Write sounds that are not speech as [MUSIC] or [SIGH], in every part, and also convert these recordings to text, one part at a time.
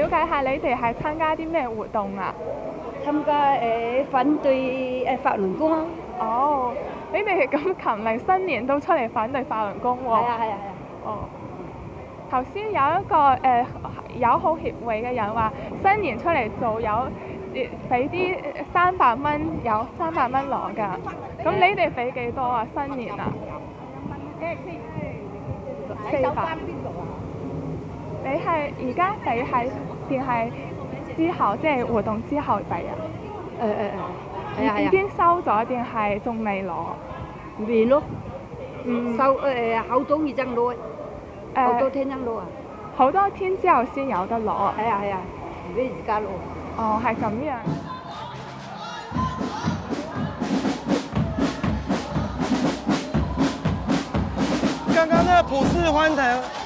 了解下你哋係參加啲咩活動啊？參加誒、欸、反對誒、欸、法輪功。哦，你哋咁勤力，新年都出嚟反對法輪功喎。係啊係啊係啊。哦，頭先、 [MUSIC] 哦、有一個誒友好協會嘅人話，新年出嚟做有俾啲三百蚊，有三百蚊攞㗎。咁你哋俾幾多啊？新年啊？四百。你係而家俾係定係之後，即係活動之後第日？誒誒誒，已、欸欸欸欸、已經收咗定係仲未攞？未咯、欸？收、欸、誒，好多日增多，欸、好多天增多啊！啊好多天之後先有得攞，係啊係啊，唔知而家攞？哦，係咁樣。剛剛那個普世歡騰。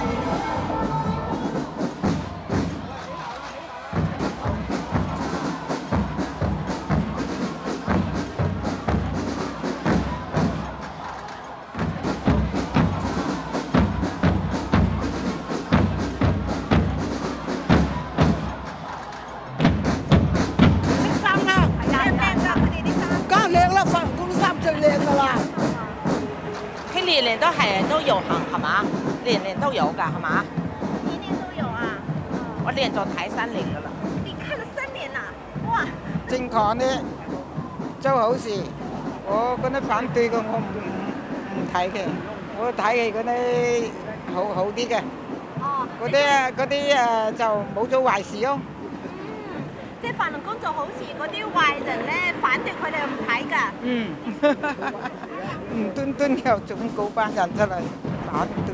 年年都有㗎，係嘛？年年都有啊！我連續睇三年噶啦。你睇咗三年啦？哇！正確啲，做好事，我嗰啲反對嘅我唔唔唔睇嘅，我睇嘅嗰啲好好啲嘅。哦。嗰啲啊，嗰啲誒就冇做壞事咯。嗯，即係法輪功做好事嗰啲壞人咧，反對佢哋唔睇㗎。嗯。唔端端又做嗰班人出嚟反對。